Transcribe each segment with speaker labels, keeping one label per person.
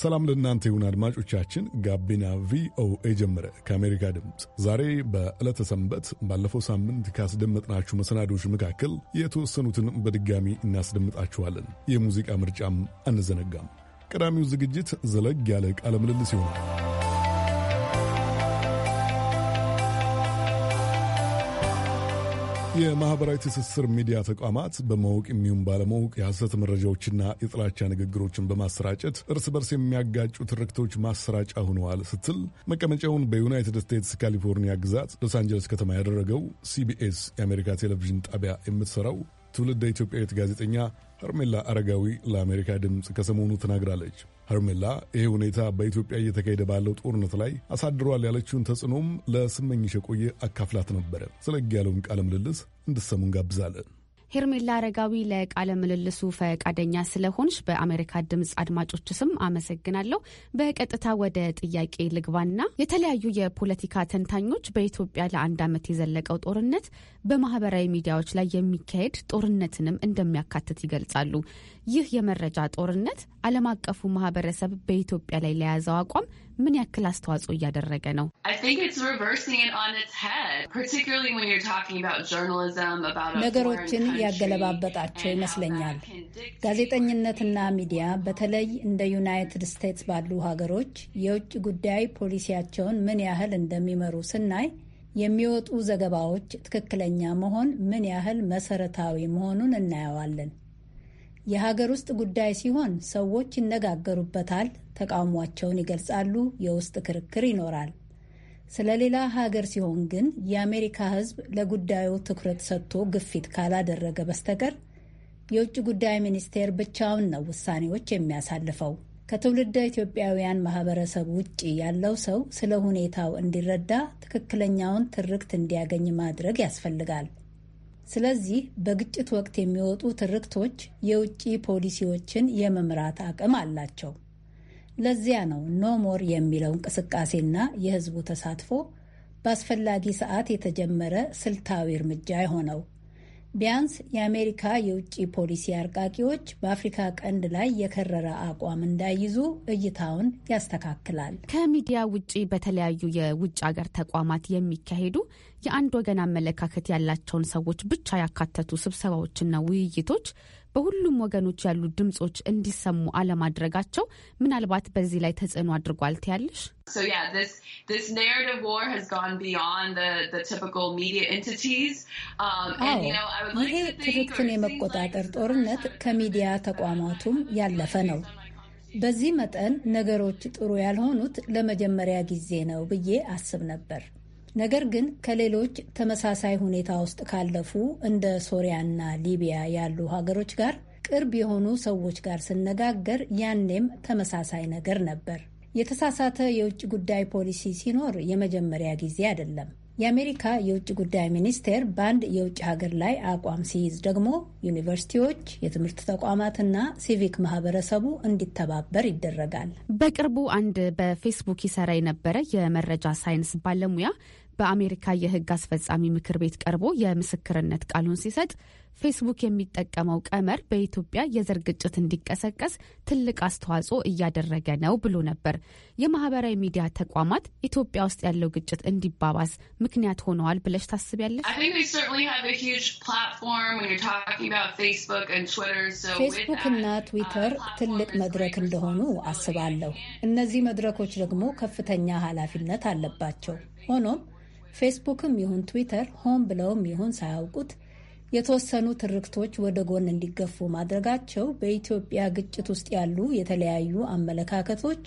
Speaker 1: ሰላም ለእናንተ ይሁን አድማጮቻችን። ጋቢና ቪኦኤ ጀመረ ከአሜሪካ ድምፅ። ዛሬ በዕለተ ሰንበት ባለፈው ሳምንት ካስደመጥናችሁ መሰናዶች መካከል የተወሰኑትን በድጋሚ እናስደምጣችኋለን። የሙዚቃ ምርጫም አንዘነጋም። ቀዳሚው ዝግጅት ዘለግ ያለ ቃለ ምልልስ ይሆናል። የማህበራዊ ትስስር ሚዲያ ተቋማት በማወቅ የሚሁም ባለማወቅ የሐሰት መረጃዎችና የጥላቻ ንግግሮችን በማሰራጨት እርስ በርስ የሚያጋጩ ትርክቶች ማሰራጫ ሆነዋል ስትል መቀመጫውን በዩናይትድ ስቴትስ ካሊፎርኒያ ግዛት ሎስ አንጀለስ ከተማ ያደረገው ሲቢኤስ የአሜሪካ ቴሌቪዥን ጣቢያ የምትሰራው ትውልድ ኢትዮጵያዊት ጋዜጠኛ ሄርሜላ አረጋዊ ለአሜሪካ ድምፅ ከሰሞኑ ተናግራለች። ሀርሜላ ይህ ሁኔታ በኢትዮጵያ እየተካሄደ ባለው ጦርነት ላይ አሳድሯል ያለችውን ተጽዕኖም ለስመኝሽ የቆየ አካፍላት ነበረ። ስለግ ያለውን ቃለ ምልልስ እንድሰሙን ጋብዛለን።
Speaker 2: ሄርሜላ አረጋዊ ለቃለ ምልልሱ ፈቃደኛ ስለሆንሽ በአሜሪካ ድምፅ አድማጮች ስም አመሰግናለሁ። በቀጥታ ወደ ጥያቄ ልግባና የተለያዩ የፖለቲካ ተንታኞች በኢትዮጵያ ለአንድ ዓመት የዘለቀው ጦርነት በማህበራዊ ሚዲያዎች ላይ የሚካሄድ ጦርነትንም እንደሚያካትት ይገልጻሉ። ይህ የመረጃ ጦርነት ዓለም አቀፉ ማህበረሰብ በኢትዮጵያ ላይ ለያዘው አቋም ምን ያክል አስተዋጽኦ እያደረገ ነው?
Speaker 3: ነገሮችን
Speaker 4: ያገለባበጣቸው ይመስለኛል። ጋዜጠኝነትና ሚዲያ በተለይ እንደ ዩናይትድ ስቴትስ ባሉ ሀገሮች የውጭ ጉዳይ ፖሊሲያቸውን ምን ያህል እንደሚመሩ ስናይ የሚወጡ ዘገባዎች ትክክለኛ መሆን ምን ያህል መሰረታዊ መሆኑን እናየዋለን። የሀገር ውስጥ ጉዳይ ሲሆን ሰዎች ይነጋገሩበታል፣ ተቃውሟቸውን ይገልጻሉ፣ የውስጥ ክርክር ይኖራል። ስለ ሌላ ሀገር ሲሆን ግን የአሜሪካ ሕዝብ ለጉዳዩ ትኩረት ሰጥቶ ግፊት ካላደረገ በስተቀር የውጭ ጉዳይ ሚኒስቴር ብቻውን ነው ውሳኔዎች የሚያሳልፈው። ከትውልደ ኢትዮጵያውያን ማህበረሰብ ውጭ ያለው ሰው ስለ ሁኔታው እንዲረዳ ትክክለኛውን ትርክት እንዲያገኝ ማድረግ ያስፈልጋል። ስለዚህ በግጭት ወቅት የሚወጡ ትርክቶች የውጭ ፖሊሲዎችን የመምራት አቅም አላቸው። ለዚያ ነው ኖሞር የሚለው እንቅስቃሴና የህዝቡ ተሳትፎ በአስፈላጊ ሰዓት የተጀመረ ስልታዊ እርምጃ የሆነው። ቢያንስ የአሜሪካ የውጭ ፖሊሲ አርቃቂዎች በአፍሪካ ቀንድ ላይ የከረረ አቋም እንዳይይዙ እይታውን ያስተካክላል።
Speaker 2: ከሚዲያ ውጭ በተለያዩ የውጭ ሀገር ተቋማት የሚካሄዱ የአንድ ወገን አመለካከት ያላቸውን ሰዎች ብቻ ያካተቱ ስብሰባዎችና ውይይቶች በሁሉም ወገኖች ያሉ ድምጾች እንዲሰሙ አለማድረጋቸው ምናልባት በዚህ ላይ ተጽዕኖ አድርጓል ትያለሽ?
Speaker 4: ይሄ ትርክትን የመቆጣጠር ጦርነት ከሚዲያ ተቋማቱም ያለፈ ነው። በዚህ መጠን ነገሮች ጥሩ ያልሆኑት ለመጀመሪያ ጊዜ ነው ብዬ አስብ ነበር። ነገር ግን ከሌሎች ተመሳሳይ ሁኔታ ውስጥ ካለፉ እንደ ሶሪያና ሊቢያ ያሉ ሀገሮች ጋር ቅርብ የሆኑ ሰዎች ጋር ስነጋገር ያኔም ተመሳሳይ ነገር ነበር። የተሳሳተ የውጭ ጉዳይ ፖሊሲ ሲኖር የመጀመሪያ ጊዜ አይደለም። የአሜሪካ የውጭ ጉዳይ ሚኒስቴር በአንድ የውጭ ሀገር ላይ አቋም ሲይዝ ደግሞ ዩኒቨርሲቲዎች፣ የትምህርት ተቋማትና ሲቪክ ማህበረሰቡ እንዲተባበር ይደረጋል። በቅርቡ አንድ
Speaker 2: በፌስቡክ ይሰራ የነበረ የመረጃ ሳይንስ ባለሙያ በአሜሪካ የህግ አስፈጻሚ ምክር ቤት ቀርቦ የምስክርነት ቃሉን ሲሰጥ ፌስቡክ የሚጠቀመው ቀመር በኢትዮጵያ የዘር ግጭት እንዲቀሰቀስ ትልቅ አስተዋጽኦ እያደረገ ነው ብሎ ነበር። የማህበራዊ ሚዲያ ተቋማት ኢትዮጵያ ውስጥ ያለው ግጭት እንዲባባስ ምክንያት ሆነዋል ብለሽ ታስቢያለሽ?
Speaker 3: ፌስቡክ
Speaker 4: እና ትዊተር ትልቅ መድረክ እንደሆኑ አስባለሁ። እነዚህ መድረኮች ደግሞ ከፍተኛ ኃላፊነት አለባቸው። ሆኖም ፌስቡክም ይሁን ትዊተር ሆን ብለውም ይሁን ሳያውቁት የተወሰኑ ትርክቶች ወደ ጎን እንዲገፉ ማድረጋቸው በኢትዮጵያ ግጭት ውስጥ ያሉ የተለያዩ አመለካከቶች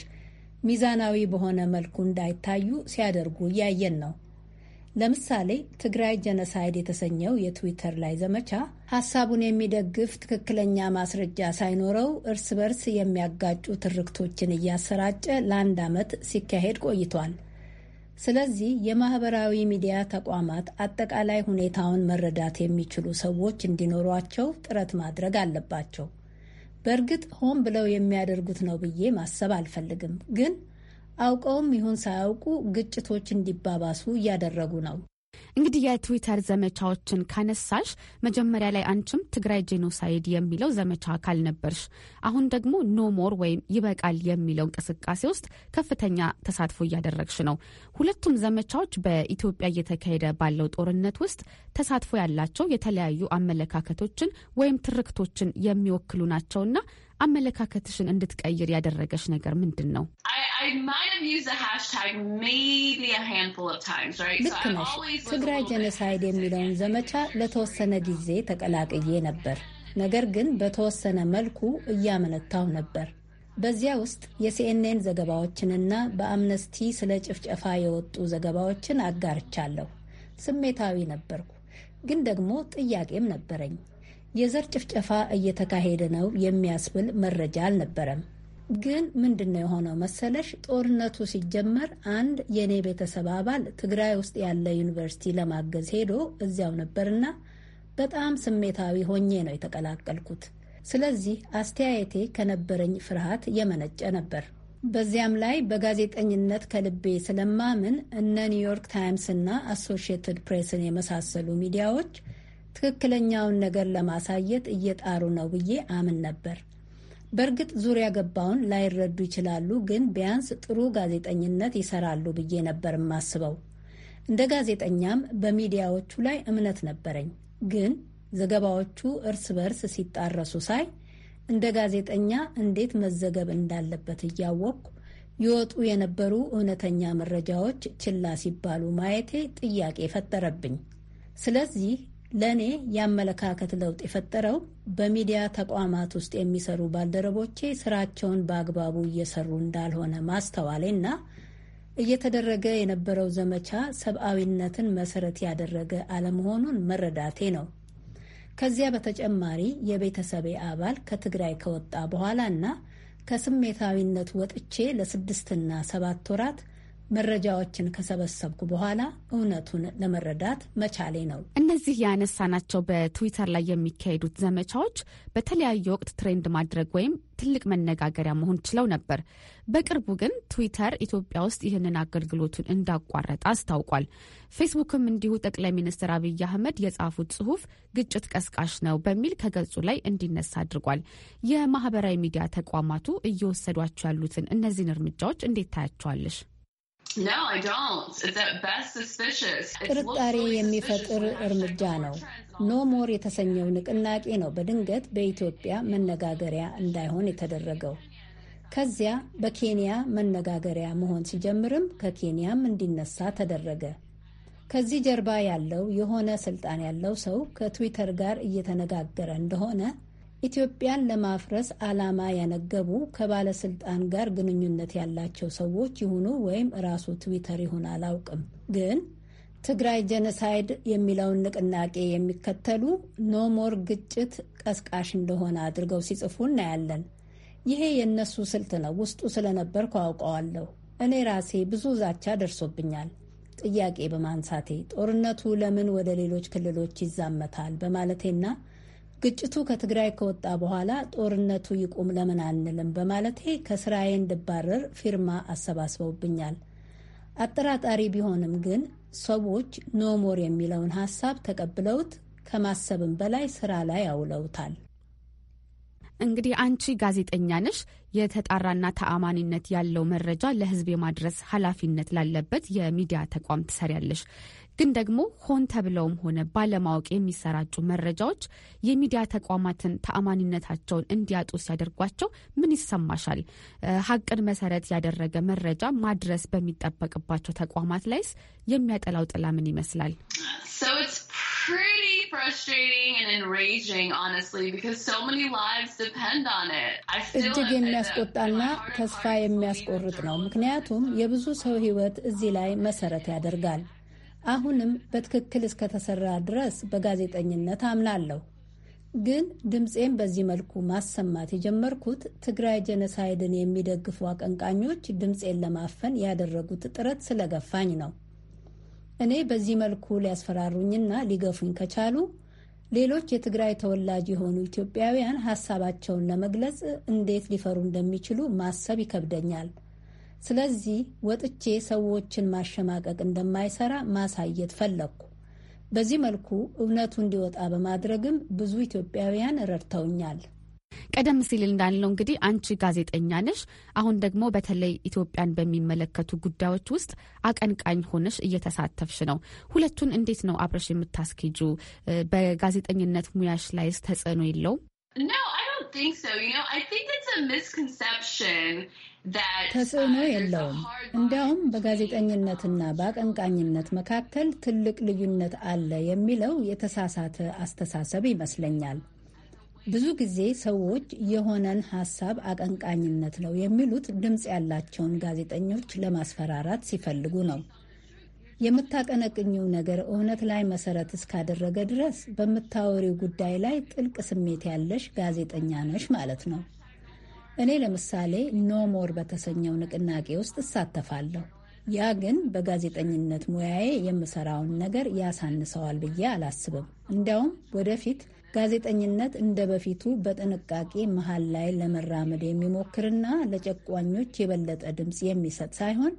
Speaker 4: ሚዛናዊ በሆነ መልኩ እንዳይታዩ ሲያደርጉ እያየን ነው። ለምሳሌ ትግራይ ጀነሳይድ የተሰኘው የትዊተር ላይ ዘመቻ ሀሳቡን የሚደግፍ ትክክለኛ ማስረጃ ሳይኖረው እርስ በርስ የሚያጋጩ ትርክቶችን እያሰራጨ ለአንድ ዓመት ሲካሄድ ቆይቷል። ስለዚህ የማህበራዊ ሚዲያ ተቋማት አጠቃላይ ሁኔታውን መረዳት የሚችሉ ሰዎች እንዲኖሯቸው ጥረት ማድረግ አለባቸው። በእርግጥ ሆን ብለው የሚያደርጉት ነው ብዬ ማሰብ አልፈልግም። ግን አውቀውም ይሁን ሳያውቁ ግጭቶች እንዲባባሱ
Speaker 2: እያደረጉ ነው። እንግዲህ የትዊተር ዘመቻዎችን ካነሳሽ መጀመሪያ ላይ አንቺም ትግራይ ጄኖሳይድ የሚለው ዘመቻ አካል ነበርሽ። አሁን ደግሞ ኖሞር ወይም ይበቃል የሚለው እንቅስቃሴ ውስጥ ከፍተኛ ተሳትፎ እያደረግሽ ነው። ሁለቱም ዘመቻዎች በኢትዮጵያ እየተካሄደ ባለው ጦርነት ውስጥ ተሳትፎ ያላቸው የተለያዩ አመለካከቶችን ወይም ትርክቶችን የሚወክሉ ናቸውና አመለካከትሽን እንድትቀይር ያደረገች ነገር ምንድን ነው?
Speaker 3: ልክ ነሽ። ትግራይ
Speaker 4: ጀኖሳይድ የሚለውን ዘመቻ ለተወሰነ ጊዜ ተቀላቅዬ ነበር። ነገር ግን በተወሰነ መልኩ እያመነታው ነበር። በዚያ ውስጥ የሲኤንኤን ዘገባዎችንና በአምነስቲ ስለ ጭፍጨፋ የወጡ ዘገባዎችን አጋርቻለሁ። ስሜታዊ ነበርኩ፣ ግን ደግሞ ጥያቄም ነበረኝ። የዘር ጭፍጨፋ እየተካሄደ ነው የሚያስብል መረጃ አልነበረም። ግን ምንድን ነው የሆነው መሰለሽ? ጦርነቱ ሲጀመር አንድ የእኔ ቤተሰብ አባል ትግራይ ውስጥ ያለ ዩኒቨርሲቲ ለማገዝ ሄዶ እዚያው ነበርና በጣም ስሜታዊ ሆኜ ነው የተቀላቀልኩት። ስለዚህ አስተያየቴ ከነበረኝ ፍርሃት የመነጨ ነበር። በዚያም ላይ በጋዜጠኝነት ከልቤ ስለማምን እነ ኒውዮርክ ታይምስ እና አሶሺየትድ ፕሬስን የመሳሰሉ ሚዲያዎች ትክክለኛውን ነገር ለማሳየት እየጣሩ ነው ብዬ አምን ነበር። በእርግጥ ዙሪያ ገባውን ላይረዱ ይችላሉ፣ ግን ቢያንስ ጥሩ ጋዜጠኝነት ይሰራሉ ብዬ ነበር የማስበው። እንደ ጋዜጠኛም በሚዲያዎቹ ላይ እምነት ነበረኝ። ግን ዘገባዎቹ እርስ በርስ ሲጣረሱ ሳይ እንደ ጋዜጠኛ እንዴት መዘገብ እንዳለበት እያወቅኩ ይወጡ የነበሩ እውነተኛ መረጃዎች ችላ ሲባሉ ማየቴ ጥያቄ ፈጠረብኝ። ስለዚህ ለእኔ የአመለካከት ለውጥ የፈጠረው በሚዲያ ተቋማት ውስጥ የሚሰሩ ባልደረቦቼ ስራቸውን በአግባቡ እየሰሩ እንዳልሆነ ማስተዋሌና እየተደረገ የነበረው ዘመቻ ሰብአዊነትን መሰረት ያደረገ አለመሆኑን መረዳቴ ነው። ከዚያ በተጨማሪ የቤተሰቤ አባል ከትግራይ ከወጣ በኋላ ና ከስሜታዊነት ወጥቼ ለስድስትና ሰባት ወራት መረጃዎችን ከሰበሰብኩ በኋላ እውነቱን ለመረዳት መቻሌ ነው።
Speaker 2: እነዚህ ያነሳናቸው በትዊተር ላይ የሚካሄዱት ዘመቻዎች በተለያየ ወቅት ትሬንድ ማድረግ ወይም ትልቅ መነጋገሪያ መሆን ችለው ነበር። በቅርቡ ግን ትዊተር ኢትዮጵያ ውስጥ ይህንን አገልግሎቱን እንዳቋረጠ አስታውቋል። ፌስቡክም እንዲሁ ጠቅላይ ሚኒስትር አብይ አህመድ የጻፉት ጽሁፍ ግጭት ቀስቃሽ ነው በሚል ከገጹ ላይ እንዲነሳ አድርጓል። የማህበራዊ ሚዲያ ተቋማቱ እየወሰዷቸው ያሉትን
Speaker 4: እነዚህን እርምጃዎች እንዴት ታያቸዋለሽ? ጥርጣሬ የሚፈጥር እርምጃ ነው። ኖ ሞር የተሰኘው ንቅናቄ ነው በድንገት በኢትዮጵያ መነጋገሪያ እንዳይሆን የተደረገው። ከዚያ በኬንያ መነጋገሪያ መሆን ሲጀምርም ከኬንያም እንዲነሳ ተደረገ። ከዚህ ጀርባ ያለው የሆነ ስልጣን ያለው ሰው ከትዊተር ጋር እየተነጋገረ እንደሆነ ኢትዮጵያን ለማፍረስ ዓላማ ያነገቡ ከባለስልጣን ጋር ግንኙነት ያላቸው ሰዎች ይሁኑ ወይም ራሱ ትዊተር ይሁን አላውቅም፣ ግን ትግራይ ጀነሳይድ የሚለውን ንቅናቄ የሚከተሉ ኖሞር ግጭት ቀስቃሽ እንደሆነ አድርገው ሲጽፉ እናያለን። ይሄ የእነሱ ስልት ነው። ውስጡ ስለነበርኩ አውቀዋለሁ። እኔ ራሴ ብዙ ዛቻ ደርሶብኛል ጥያቄ በማንሳቴ ጦርነቱ ለምን ወደ ሌሎች ክልሎች ይዛመታል በማለቴና ግጭቱ ከትግራይ ከወጣ በኋላ ጦርነቱ ይቁም ለምን አንልም በማለቴ ከስራዬ እንድባረር ፊርማ አሰባስበውብኛል። አጠራጣሪ ቢሆንም ግን ሰዎች ኖሞር የሚለውን ሀሳብ ተቀብለውት ከማሰብም በላይ ስራ ላይ አውለውታል። እንግዲህ አንቺ ጋዜጠኛ ነሽ። የተጣራና
Speaker 2: ተአማኒነት ያለው መረጃ ለህዝብ የማድረስ ኃላፊነት ላለበት የሚዲያ ተቋም ትሰሪያለሽ። ግን ደግሞ ሆን ተብለውም ሆነ ባለማወቅ የሚሰራጩ መረጃዎች የሚዲያ ተቋማትን ተአማኒነታቸውን እንዲያጡ ሲያደርጓቸው ምን ይሰማሻል? ሀቅን መሰረት ያደረገ መረጃ ማድረስ በሚጠበቅባቸው ተቋማት ላይስ የሚያጠላው ጥላ ምን ይመስላል?
Speaker 3: እጅግ
Speaker 4: የሚያስቆጣና ተስፋ የሚያስቆርጥ ነው። ምክንያቱም የብዙ ሰው ሕይወት እዚህ ላይ መሰረት ያደርጋል። አሁንም በትክክል እስከተሰራ ድረስ በጋዜጠኝነት አምናለሁ። ግን ድምፄን በዚህ መልኩ ማሰማት የጀመርኩት ትግራይ ጀነሳይድን የሚደግፉ አቀንቃኞች ድምፄን ለማፈን ያደረጉት ጥረት ስለገፋኝ ነው። እኔ በዚህ መልኩ ሊያስፈራሩኝና ሊገፉኝ ከቻሉ ሌሎች የትግራይ ተወላጅ የሆኑ ኢትዮጵያውያን ሀሳባቸውን ለመግለጽ እንዴት ሊፈሩ እንደሚችሉ ማሰብ ይከብደኛል። ስለዚህ ወጥቼ ሰዎችን ማሸማቀቅ እንደማይሰራ ማሳየት ፈለግኩ። በዚህ መልኩ እውነቱ እንዲወጣ በማድረግም ብዙ ኢትዮጵያውያን ረድተውኛል።
Speaker 2: ቀደም ሲል እንዳለው እንግዲህ አንቺ ጋዜጠኛ ነሽ። አሁን ደግሞ በተለይ ኢትዮጵያን በሚመለከቱ ጉዳዮች ውስጥ አቀንቃኝ ሆነሽ እየተሳተፍሽ ነው። ሁለቱን እንዴት ነው አብረሽ የምታስኬጁ? በጋዜጠኝነት ሙያሽ ላይስ ተጽዕኖ
Speaker 4: የለውም?
Speaker 3: No, I don't think so. You know, I think it's a misconception
Speaker 4: Uh, ተጽዕኖ የለውም። እንዲያውም በጋዜጠኝነትና በአቀንቃኝነት መካከል ትልቅ ልዩነት አለ የሚለው የተሳሳተ አስተሳሰብ ይመስለኛል። ብዙ ጊዜ ሰዎች የሆነን ሀሳብ አቀንቃኝነት ነው የሚሉት ድምፅ ያላቸውን ጋዜጠኞች ለማስፈራራት ሲፈልጉ ነው። የምታቀነቅኝው ነገር እውነት ላይ መሰረት እስካደረገ ድረስ በምታወሪው ጉዳይ ላይ ጥልቅ ስሜት ያለሽ ጋዜጠኛ ነሽ ማለት ነው። እኔ ለምሳሌ ኖሞር በተሰኘው ንቅናቄ ውስጥ እሳተፋለሁ። ያ ግን በጋዜጠኝነት ሙያዬ የምሰራውን ነገር ያሳንሰዋል ብዬ አላስብም። እንዲያውም ወደፊት ጋዜጠኝነት እንደ በፊቱ በጥንቃቄ መሀል ላይ ለመራመድ የሚሞክርና ለጨቋኞች የበለጠ ድምፅ የሚሰጥ ሳይሆን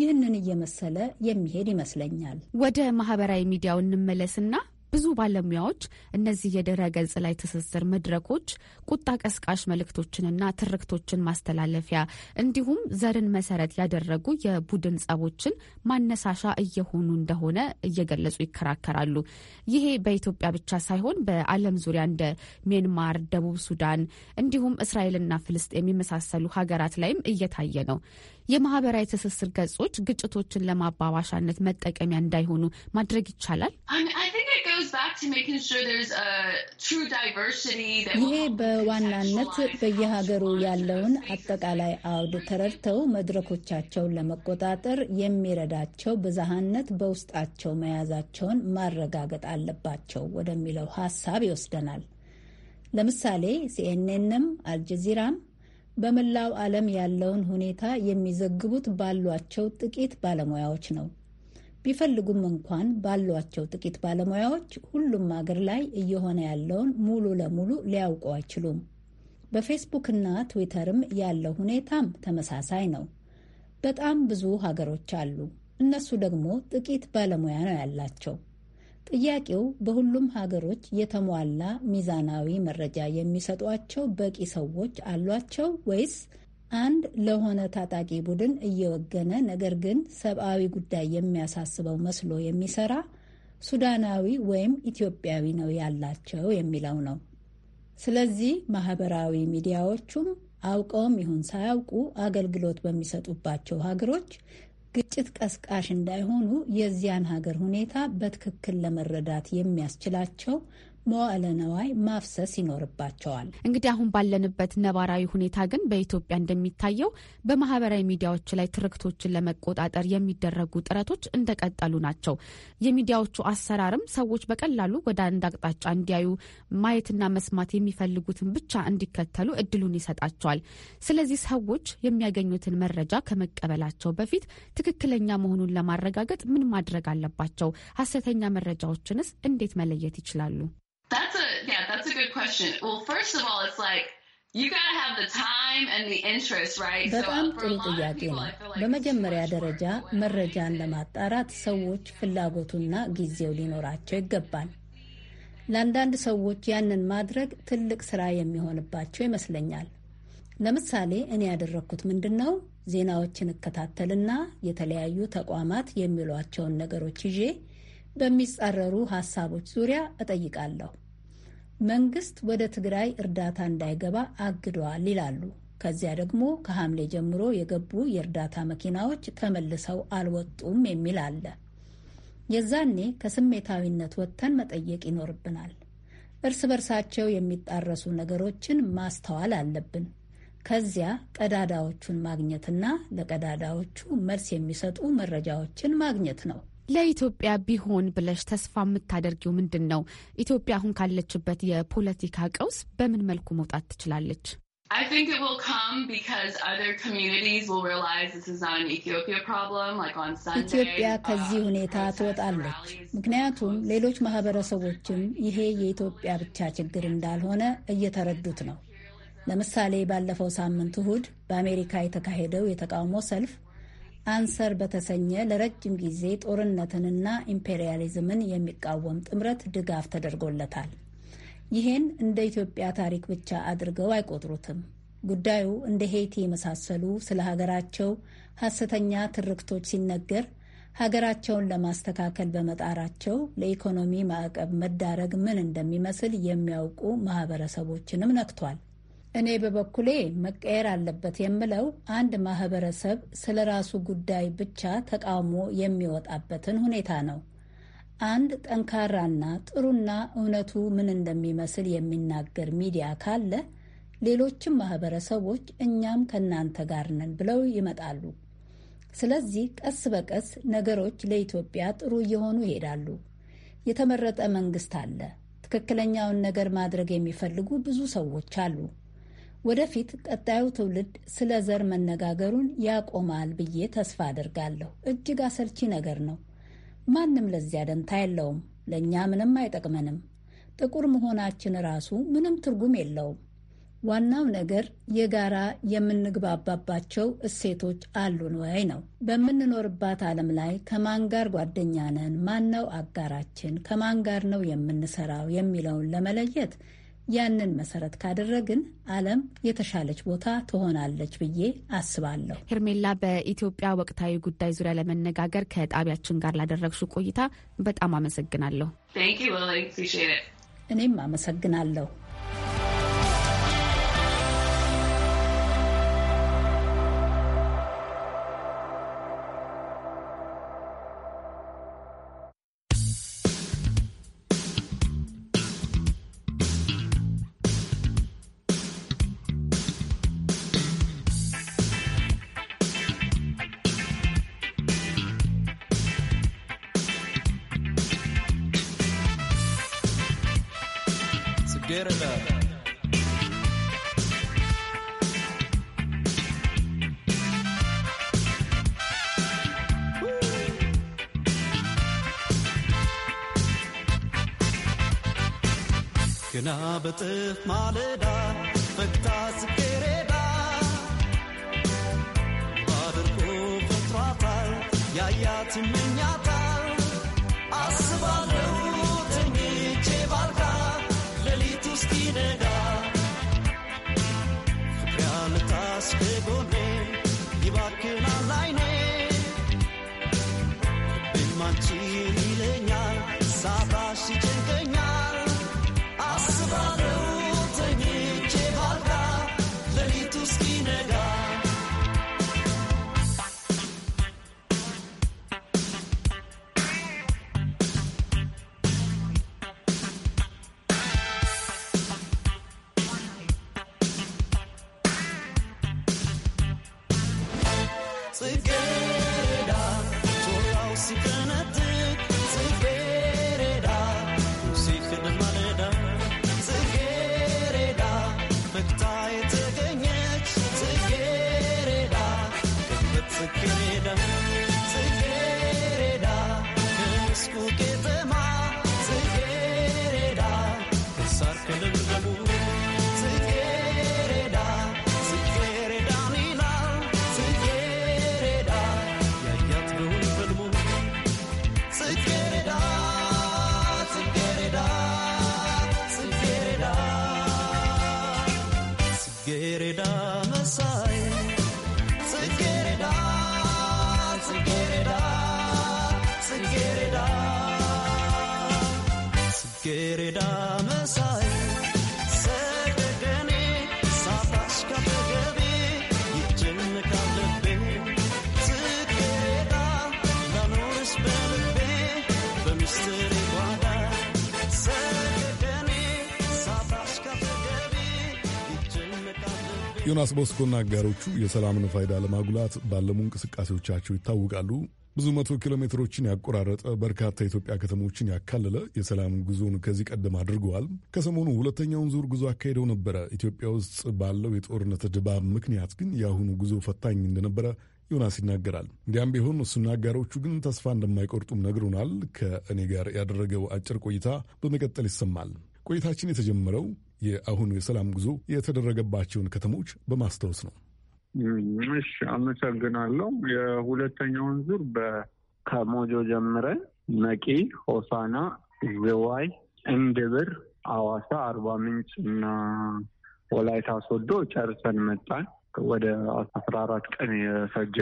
Speaker 4: ይህንን እየመሰለ የሚሄድ ይመስለኛል። ወደ ማህበራዊ ሚዲያው እንመለስና ብዙ ባለሙያዎች እነዚህ የድረ ገጽ ላይ
Speaker 2: ትስስር መድረኮች ቁጣ ቀስቃሽ መልእክቶችንና ትርክቶችን ማስተላለፊያ እንዲሁም ዘርን መሰረት ያደረጉ የቡድን ጸቦችን ማነሳሻ እየሆኑ እንደሆነ እየገለጹ ይከራከራሉ። ይሄ በኢትዮጵያ ብቻ ሳይሆን በዓለም ዙሪያ እንደ ሜንማር፣ ደቡብ ሱዳን እንዲሁም እስራኤልና ፍልስጤም የሚመሳሰሉ ሀገራት ላይም እየታየ ነው። የማህበራዊ ትስስር ገጾች ግጭቶችን ለማባባሻነት መጠቀሚያ እንዳይሆኑ
Speaker 4: ማድረግ ይቻላል።
Speaker 3: um, ይሄ
Speaker 4: በዋናነት በየሀገሩ ያለውን አጠቃላይ አውድ ተረድተው መድረኮቻቸውን ለመቆጣጠር የሚረዳቸው ብዝሃነት በውስጣቸው መያዛቸውን ማረጋገጥ አለባቸው ወደሚለው ሀሳብ ይወስደናል። ለምሳሌ ሲኤንኤንም አልጀዚራም በመላው ዓለም ያለውን ሁኔታ የሚዘግቡት ባሏቸው ጥቂት ባለሙያዎች ነው። ቢፈልጉም እንኳን ባሏቸው ጥቂት ባለሙያዎች ሁሉም አገር ላይ እየሆነ ያለውን ሙሉ ለሙሉ ሊያውቁ አይችሉም። በፌስቡክና ትዊተርም ያለው ሁኔታም ተመሳሳይ ነው። በጣም ብዙ ሀገሮች አሉ። እነሱ ደግሞ ጥቂት ባለሙያ ነው ያላቸው። ጥያቄው በሁሉም ሀገሮች የተሟላ ሚዛናዊ መረጃ የሚሰጧቸው በቂ ሰዎች አሏቸው ወይስ አንድ ለሆነ ታጣቂ ቡድን እየወገነ ነገር ግን ሰብአዊ ጉዳይ የሚያሳስበው መስሎ የሚሰራ ሱዳናዊ ወይም ኢትዮጵያዊ ነው ያላቸው የሚለው ነው። ስለዚህ ማህበራዊ ሚዲያዎቹም አውቀውም ይሁን ሳያውቁ አገልግሎት በሚሰጡባቸው ሀገሮች ግጭት ቀስቃሽ እንዳይሆኑ የዚያን ሀገር ሁኔታ በትክክል ለመረዳት የሚያስችላቸው መዋዕለ ነዋይ ማፍሰስ ይኖርባቸዋል። እንግዲህ አሁን ባለንበት ነባራዊ ሁኔታ ግን በኢትዮጵያ እንደሚታየው
Speaker 2: በማህበራዊ ሚዲያዎች ላይ ትርክቶችን ለመቆጣጠር የሚደረጉ ጥረቶች እንደቀጠሉ ናቸው። የሚዲያዎቹ አሰራርም ሰዎች በቀላሉ ወደ አንድ አቅጣጫ እንዲያዩ ማየትና መስማት የሚፈልጉትን ብቻ እንዲከተሉ እድሉን ይሰጣቸዋል። ስለዚህ ሰዎች የሚያገኙትን መረጃ ከመቀበላቸው በፊት ትክክለኛ መሆኑን ለማረጋገጥ ምን ማድረግ አለባቸው? ሀሰተኛ መረጃዎችንስ እንዴት መለየት ይችላሉ?
Speaker 3: That's a yeah, that's a good question. Well, first of all, it's like you gotta have the time and the interest, right? በጣም ጥሩ ጥያቄ ነው።
Speaker 4: በመጀመሪያ ደረጃ መረጃን ለማጣራት ሰዎች ፍላጎቱና ጊዜው ሊኖራቸው ይገባል። ለአንዳንድ ሰዎች ያንን ማድረግ ትልቅ ስራ የሚሆንባቸው ይመስለኛል። ለምሳሌ እኔ ያደረግኩት ምንድን ነው? ዜናዎችን እከታተልና የተለያዩ ተቋማት የሚሏቸውን ነገሮች ይዤ በሚጻረሩ ሀሳቦች ዙሪያ እጠይቃለሁ። መንግስት ወደ ትግራይ እርዳታ እንዳይገባ አግደዋል ይላሉ። ከዚያ ደግሞ ከሐምሌ ጀምሮ የገቡ የእርዳታ መኪናዎች ተመልሰው አልወጡም የሚል አለ። የዛኔ ከስሜታዊነት ወጥተን መጠየቅ ይኖርብናል። እርስ በርሳቸው የሚጣረሱ ነገሮችን ማስተዋል አለብን። ከዚያ ቀዳዳዎቹን ማግኘትና ለቀዳዳዎቹ መልስ የሚሰጡ መረጃዎችን ማግኘት ነው። ለኢትዮጵያ
Speaker 2: ቢሆን ብለሽ ተስፋ የምታደርጊው ምንድን ነው? ኢትዮጵያ አሁን ካለችበት የፖለቲካ ቀውስ በምን መልኩ መውጣት ትችላለች?
Speaker 3: ኢትዮጵያ
Speaker 4: ከዚህ ሁኔታ ትወጣለች። ምክንያቱም ሌሎች ማህበረሰቦችም ይሄ የኢትዮጵያ ብቻ ችግር እንዳልሆነ እየተረዱት ነው። ለምሳሌ ባለፈው ሳምንት እሁድ በአሜሪካ የተካሄደው የተቃውሞ ሰልፍ አንሰር በተሰኘ ለረጅም ጊዜ ጦርነትንና ኢምፔሪያሊዝምን የሚቃወም ጥምረት ድጋፍ ተደርጎለታል። ይህን እንደ ኢትዮጵያ ታሪክ ብቻ አድርገው አይቆጥሩትም። ጉዳዩ እንደ ሄይቲ የመሳሰሉ ስለ ሀገራቸው ሀሰተኛ ትርክቶች ሲነገር ሀገራቸውን ለማስተካከል በመጣራቸው ለኢኮኖሚ ማዕቀብ መዳረግ ምን እንደሚመስል የሚያውቁ ማህበረሰቦችንም ነክቷል። እኔ በበኩሌ መቀየር አለበት የምለው አንድ ማህበረሰብ ስለ ራሱ ጉዳይ ብቻ ተቃውሞ የሚወጣበትን ሁኔታ ነው። አንድ ጠንካራና ጥሩና እውነቱ ምን እንደሚመስል የሚናገር ሚዲያ ካለ ሌሎችም ማህበረሰቦች እኛም ከእናንተ ጋር ነን ብለው ይመጣሉ። ስለዚህ ቀስ በቀስ ነገሮች ለኢትዮጵያ ጥሩ እየሆኑ ይሄዳሉ። የተመረጠ መንግስት አለ። ትክክለኛውን ነገር ማድረግ የሚፈልጉ ብዙ ሰዎች አሉ። ወደፊት ቀጣዩ ትውልድ ስለ ዘር መነጋገሩን ያቆማል ብዬ ተስፋ አድርጋለሁ። እጅግ አሰልቺ ነገር ነው። ማንም ለዚያ ደንታ የለውም። ለእኛ ምንም አይጠቅመንም። ጥቁር መሆናችን ራሱ ምንም ትርጉም የለውም። ዋናው ነገር የጋራ የምንግባባባቸው እሴቶች አሉን ወይ ነው። በምንኖርባት ዓለም ላይ ከማን ጋር ጓደኛ ነን፣ ማን ነው አጋራችን፣ ከማን ጋር ነው የምንሰራው የሚለውን ለመለየት ያንን መሰረት ካደረግን ዓለም የተሻለች ቦታ ትሆናለች ብዬ አስባለሁ። ሄርሜላ፣ በኢትዮጵያ ወቅታዊ ጉዳይ ዙሪያ ለመነጋገር ከጣቢያችን ጋር ላደረግሽው ቆይታ በጣም አመሰግናለሁ። እኔም አመሰግናለሁ።
Speaker 5: did enough. Gonna be tough, my get it up.
Speaker 1: ዮናስ ቦስኮና አጋሮቹ የሰላምን ፋይዳ ለማጉላት ባለሙ እንቅስቃሴዎቻቸው ይታወቃሉ። ብዙ መቶ ኪሎ ሜትሮችን ያቆራረጠ በርካታ የኢትዮጵያ ከተሞችን ያካለለ የሰላም ጉዞን ከዚህ ቀደም አድርገዋል። ከሰሞኑ ሁለተኛውን ዙር ጉዞ አካሄደው ነበረ። ኢትዮጵያ ውስጥ ባለው የጦርነት ድባብ ምክንያት ግን የአሁኑ ጉዞ ፈታኝ እንደነበረ ዮናስ ይናገራል። እንዲያም ቢሆን እሱና አጋሮቹ ግን ተስፋ እንደማይቆርጡም ነግሮናል። ከእኔ ጋር ያደረገው አጭር ቆይታ በመቀጠል ይሰማል። ቆይታችን የተጀመረው የአሁኑ የሰላም ጉዞ የተደረገባቸውን ከተሞች በማስታወስ ነው።
Speaker 6: እሺ፣ አመሰግናለሁ። የሁለተኛውን ዙር ከሞጆ ጀምረን መቂ፣ ሆሳና፣ ዝዋይ፣ እንድብር፣ አዋሳ፣ አርባ ምንጭ እና ወላይታ ሶዶ ጨርሰን መጣን። ወደ አስራ አራት ቀን የፈጀ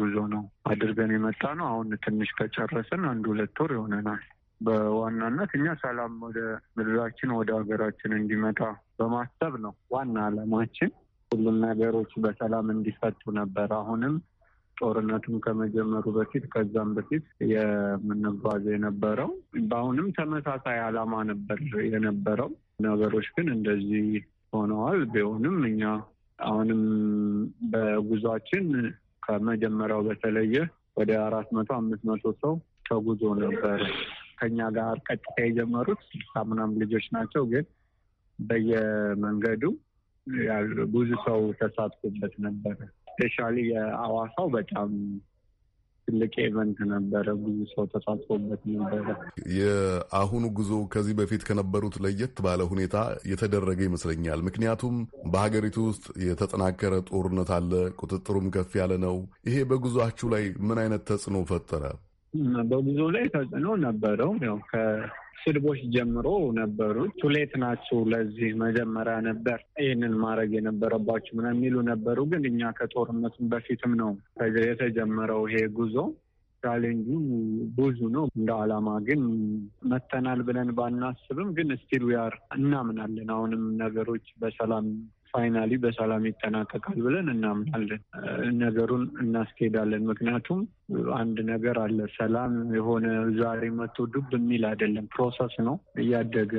Speaker 6: ጉዞ ነው አድርገን የመጣ ነው። አሁን ትንሽ ከጨረስን አንድ ሁለት ወር ይሆነናል። በዋናነት እኛ ሰላም ወደ ምድራችን ወደ ሀገራችን እንዲመጣ በማሰብ ነው ዋና አለማችን ሁሉም ነገሮች በሰላም እንዲፈቱ ነበር። አሁንም ጦርነቱም ከመጀመሩ በፊት ከዛም በፊት የምንጓዝ የነበረው በአሁንም ተመሳሳይ አላማ ነበር የነበረው። ነገሮች ግን እንደዚህ ሆነዋል። ቢሆንም እኛ አሁንም በጉዟችን ከመጀመሪያው በተለየ ወደ አራት መቶ አምስት መቶ ሰው ተጉዞ ነበር። ከኛ ጋር ቀጥታ የጀመሩት ስልሳ ምናምን ልጆች ናቸው። ግን በየመንገዱ ብዙ ሰው ተሳትፎበት ነበረ። ስፔሻሊ የአዋሳው በጣም ትልቅ ኤቨንት ነበረ። ብዙ ሰው ተሳትፎበት ነበረ።
Speaker 1: የአሁኑ ጉዞ ከዚህ በፊት ከነበሩት ለየት ባለ ሁኔታ የተደረገ ይመስለኛል። ምክንያቱም በሀገሪቱ ውስጥ የተጠናከረ ጦርነት አለ፣ ቁጥጥሩም ከፍ ያለ ነው። ይሄ በጉዟችሁ ላይ ምን አይነት ተጽዕኖ ፈጠረ?
Speaker 6: በጉዞ ላይ ተጽዕኖ ነበረው። ያው ከስድቦች ጀምሮ ነበሩት። ቱሌት ናቸው ለዚህ መጀመሪያ ነበር ይህንን ማድረግ የነበረባቸው ምናምን የሚሉ ነበሩ። ግን እኛ ከጦርነቱ በፊትም ነው የተጀመረው ይሄ ጉዞ። ቻሌንጁ ብዙ ነው። እንደ አላማ ግን መተናል ብለን ባናስብም ግን ስቲል ያር እናምናለን። አሁንም ነገሮች በሰላም ፋይናሊ በሰላም ይጠናቀቃል ብለን እናምናለን። ነገሩን እናስኬዳለን። ምክንያቱም አንድ ነገር አለ። ሰላም የሆነ ዛሬ መቶ ዱብ የሚል አይደለም። ፕሮሰስ ነው። እያደገ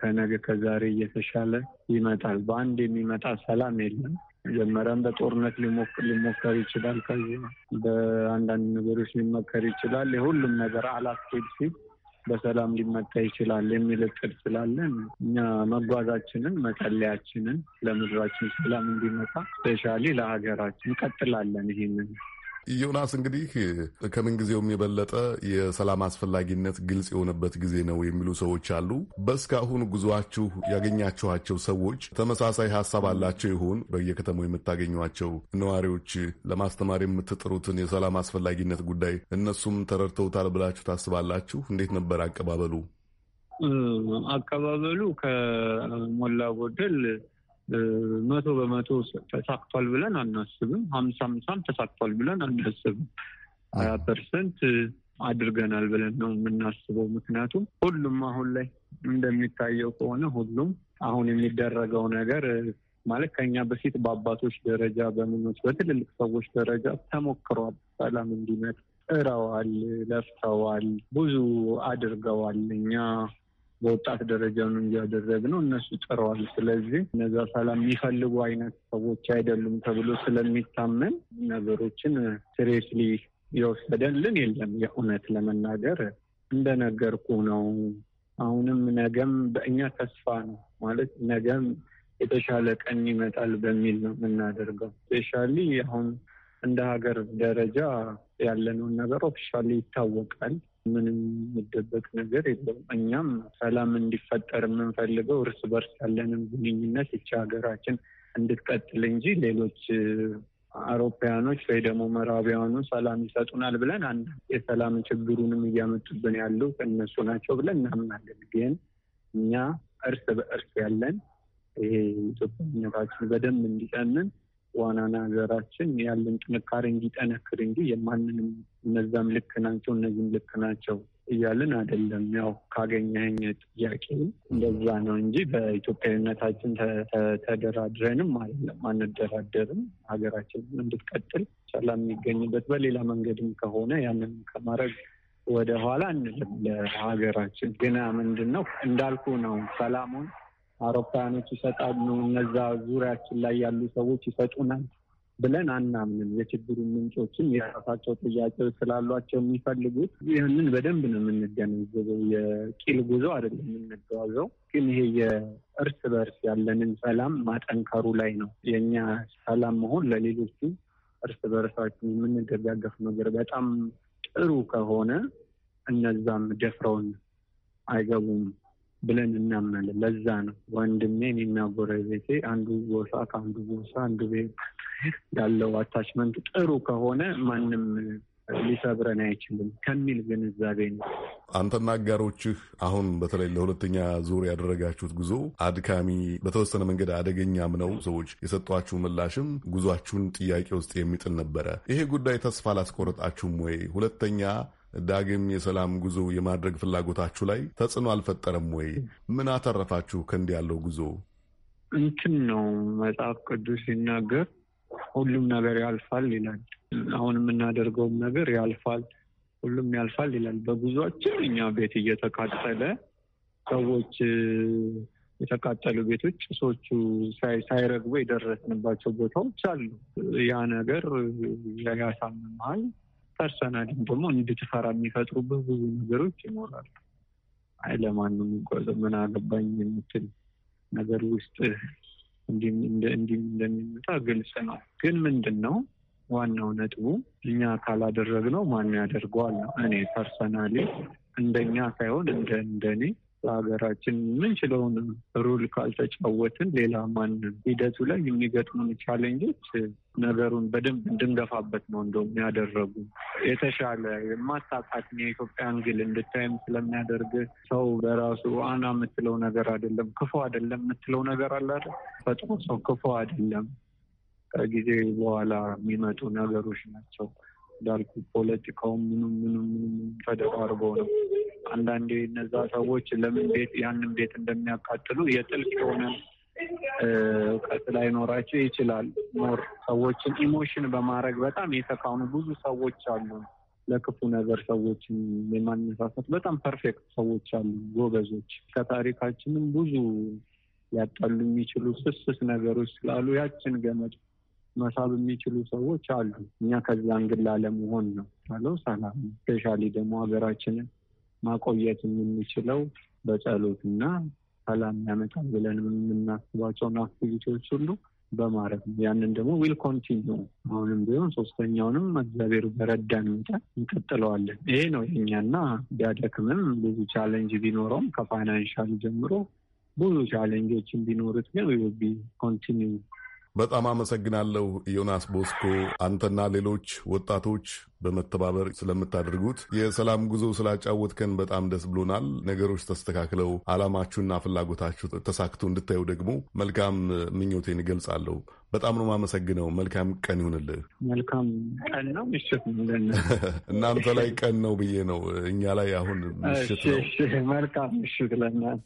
Speaker 6: ከነገ ከዛሬ እየተሻለ ይመጣል። በአንድ የሚመጣ ሰላም የለም። መጀመሪያም በጦርነት ሊሞከር ይችላል። ከዚህ በአንዳንድ ነገሮች ሊሞከር ይችላል። የሁሉም ነገር አላስኬድ ሲል በሰላም ሊመጣ ይችላል የሚል እቅድ ስላለን እኛ መጓዛችንን መጠለያችንን ለምድራችን ሰላም እንዲመጣ ስፔሻሊ ለሀገራችን እንቀጥላለን ይህንን
Speaker 1: ዮናስ እንግዲህ ከምንጊዜውም የበለጠ የሰላም አስፈላጊነት ግልጽ የሆነበት ጊዜ ነው የሚሉ ሰዎች አሉ። በእስካሁን ጉዟችሁ ያገኛችኋቸው ሰዎች ተመሳሳይ ሀሳብ አላቸው ይሆን? በየከተማው የምታገኟቸው ነዋሪዎች ለማስተማር የምትጥሩትን የሰላም አስፈላጊነት ጉዳይ እነሱም ተረድተውታል ብላችሁ ታስባላችሁ? እንዴት ነበር አቀባበሉ?
Speaker 6: አቀባበሉ ከሞላ ጎደል መቶ በመቶ ተሳክቷል ብለን አናስብም። ሀምሳ ሀምሳም ተሳክቷል ብለን አናስብም። ሀያ ፐርሰንት አድርገናል ብለን ነው የምናስበው። ምክንያቱም ሁሉም አሁን ላይ እንደሚታየው ከሆነ ሁሉም አሁን የሚደረገው ነገር ማለት ከኛ በፊት በአባቶች ደረጃ በምኖች በትልልቅ ሰዎች ደረጃ ተሞክሯል። ሰላም እንዲመጣ ጥረዋል፣ ለፍተዋል፣ ብዙ አድርገዋል። እኛ በወጣት ደረጃ ነው ነው። እነሱ ጥረዋል። ስለዚህ እነዛ ሰላም የሚፈልጉ አይነት ሰዎች አይደሉም ተብሎ ስለሚታመን ነገሮችን ስሬስሊ የወሰደልን የለም። የእውነት ለመናገር እንደነገርኩ ነው። አሁንም ነገም በእኛ ተስፋ ነው ማለት ነገም የተሻለ ቀን ይመጣል በሚል ነው የምናደርገው። ስፔሻሊ አሁን እንደ ሀገር ደረጃ ያለነውን ነገር ኦፊሻሊ ይታወቃል። ምንም የሚደበቅ ነገር የለም። እኛም ሰላም እንዲፈጠር የምንፈልገው እርስ በርስ ያለንም ግንኙነት ይቺ ሀገራችን እንድትቀጥል እንጂ ሌሎች አውሮፓያኖች ወይ ደግሞ ምዕራባውያኑ ሰላም ይሰጡናል ብለን አንድ የሰላም ችግሩንም እያመጡብን ያሉ እነሱ ናቸው ብለን እናምናለን። ግን እኛ እርስ በእርስ ያለን ይሄ ኢትዮጵያነታችን በደንብ እንዲጠንን ዋና ሀገራችን ያለን ጥንካሬ እንዲጠነክር እንጂ የማንንም እነዛም ልክ ናቸው እነዚህም ልክ ናቸው እያልን አይደለም። ያው ካገኘኝ ጥያቄ እንደዛ ነው እንጂ በኢትዮጵያዊነታችን ተደራድረንም አይደለም፣ አንደራደርም። ሀገራችን እንድትቀጥል ሰላም የሚገኝበት በሌላ መንገድም ከሆነ ያንን ከማድረግ ወደኋላ እንልም። ለሀገራችን ግና ምንድን ነው እንዳልኩ ነው ሰላሙን አውሮፕላኖች ይሰጣሉ፣ እነዛ ዙሪያችን ላይ ያሉ ሰዎች ይሰጡናል ብለን አናምንም። የችግሩ ምንጮችም የራሳቸው ጥያቄዎች ስላሏቸው የሚፈልጉት ይህንን በደንብ ነው የምንገነዘበው። የቂል ጉዞ አይደለም የምንጓዘው፣ ግን ይሄ የእርስ በእርስ ያለንን ሰላም ማጠንከሩ ላይ ነው የእኛ ሰላም መሆን ለሌሎቹ እርስ በእርሳችን የምንደጋገፍ ነገር በጣም ጥሩ ከሆነ እነዛም ደፍረውን አይገቡም ብለን እናምናለን። ለዛ ነው ወንድሜ እኔና ጎረቤቴ አንዱ ጎሳ ከአንዱ ጎሳ አንዱ ያለው አታችመንት ጥሩ ከሆነ ማንም ሊሰብረን አይችልም ከሚል ግንዛቤ ነው።
Speaker 1: አንተና አጋሮችህ አሁን በተለይ ለሁለተኛ ዙር ያደረጋችሁት ጉዞ አድካሚ፣ በተወሰነ መንገድ አደገኛም ነው። ሰዎች የሰጧችሁ ምላሽም ጉዟችሁን ጥያቄ ውስጥ የሚጥል ነበረ። ይሄ ጉዳይ ተስፋ አላስቆረጣችሁም ወይ? ሁለተኛ ዳግም የሰላም ጉዞ የማድረግ ፍላጎታችሁ ላይ ተጽዕኖ አልፈጠረም ወይ? ምን አተረፋችሁ ከእንዲህ ያለው ጉዞ?
Speaker 6: እንትን ነው መጽሐፍ ቅዱስ ሲናገር ሁሉም ነገር ያልፋል ይላል። አሁን የምናደርገውም ነገር ያልፋል፣ ሁሉም ያልፋል ይላል። በጉዟችን እኛ ቤት እየተቃጠለ ሰዎች የተቃጠሉ ቤቶች ሰዎቹ ሳይረግቡ የደረስንባቸው ቦታዎች አሉ። ያ ነገር ያሳምመሃል፣ ፐርሰናልም ደግሞ እንድትፈራ የሚፈጥሩበት ብዙ ነገሮች ይኖራሉ። አይ ለማንም እንቆጥ ምን አገባኝ የምትል ነገር ውስጥ እንዲህ እንደሚመጣ ግልጽ ነው። ግን ምንድን ነው ዋናው ነጥቡ እኛ ካላደረግነው ማን ያደርገዋል ነው። እኔ ፐርሰናሊ እንደኛ ሳይሆን እንደ እንደኔ ለሀገራችን የምንችለውን ሩል ካልተጫወትን ሌላ ማን ሂደቱ ላይ የሚገጥሙን ቻሌንጆች ነገሩን በደንብ እንድንገፋበት ነው እንደውም ያደረጉ የተሻለ የማታውቃትን የኢትዮጵያን ግል እንድታይም ስለሚያደርግ ሰው በራሱ ዋና የምትለው ነገር አይደለም፣ ክፉ አይደለም የምትለው ነገር አለ። ፈጥሮ ሰው ክፉ አይደለም፣ ከጊዜ በኋላ የሚመጡ ነገሮች ናቸው። እንዳልኩ ፖለቲካውም ምኑም ምኑም ተደራርበው ነው አንዳንዴ እነዛ ሰዎች ለምን ቤት ያንን ቤት እንደሚያቃጥሉ የጥልቅ የሆነ እውቀት ላይኖራቸው ይችላል። ኖር ሰዎችን ኢሞሽን በማድረግ በጣም የተካኑ ብዙ ሰዎች አሉ። ለክፉ ነገር ሰዎችን የማነሳሳት በጣም ፐርፌክት ሰዎች አሉ፣ ጎበዞች። ከታሪካችንም ብዙ ሊያጠሉ የሚችሉ ስስስ ነገሮች ስላሉ ያችን ገመድ መሳብ የሚችሉ ሰዎች አሉ። እኛ ከዛ እንግላ ለመሆን ነው አለው ሰላም። ስፔሻሊ ደግሞ ሀገራችንን ማቆየት የምንችለው እና ሰላም ያመጣል ብለን የምናስባቸውን አክቲቪቲዎች ሁሉ በማድረግ ነው። ያንን ደግሞ ዊል ኮንቲኒው አሁንም ቢሆን ሶስተኛውንም እግዚአብሔር በረዳን መጠን እንቀጥለዋለን። ይሄ ነው የኛና ቢያደክምም ብዙ ቻለንጅ ቢኖረውም ከፋይናንሻል ጀምሮ ብዙ ቻለንጆችን ቢኖሩት ግን ቢ ኮንቲኒ
Speaker 1: በጣም አመሰግናለሁ ዮናስ ቦስኮ፣ አንተና ሌሎች ወጣቶች በመተባበር ስለምታደርጉት የሰላም ጉዞ ስላጫወትከን በጣም ደስ ብሎናል። ነገሮች ተስተካክለው ዓላማችሁና ፍላጎታችሁ ተሳክቶ እንድታዩ ደግሞ መልካም ምኞቴን እገልጻለሁ። በጣም ነው የማመሰግነው። መልካም ቀን ይሁንልህ።
Speaker 6: መልካም ቀን ነው፣ ምሽት ነው።
Speaker 1: እናንተ ላይ ቀን ነው ብዬ ነው፣ እኛ ላይ አሁን ምሽት ነው።
Speaker 6: መልካም ምሽት ለእናንተ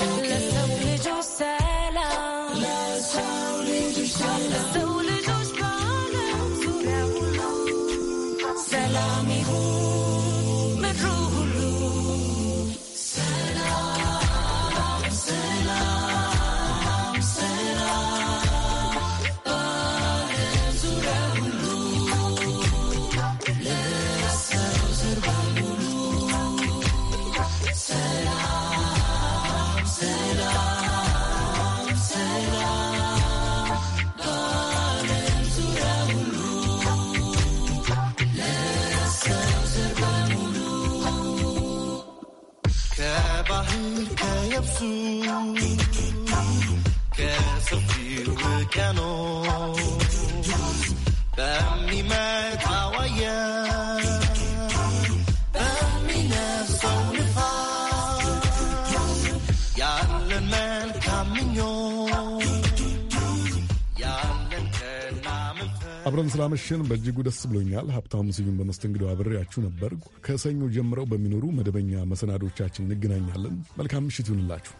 Speaker 5: Let's Capsule. Cast a few canals.
Speaker 1: አብረን ስላመሸን በእጅጉ ደስ ብሎኛል። ሀብታሙ ስዩም በመስተንግዶ አብሬያችሁ ነበርኩ። ከሰኞ ጀምረው በሚኖሩ መደበኛ መሰናዶቻችን እንገናኛለን። መልካም ምሽት ይሁንላችሁ።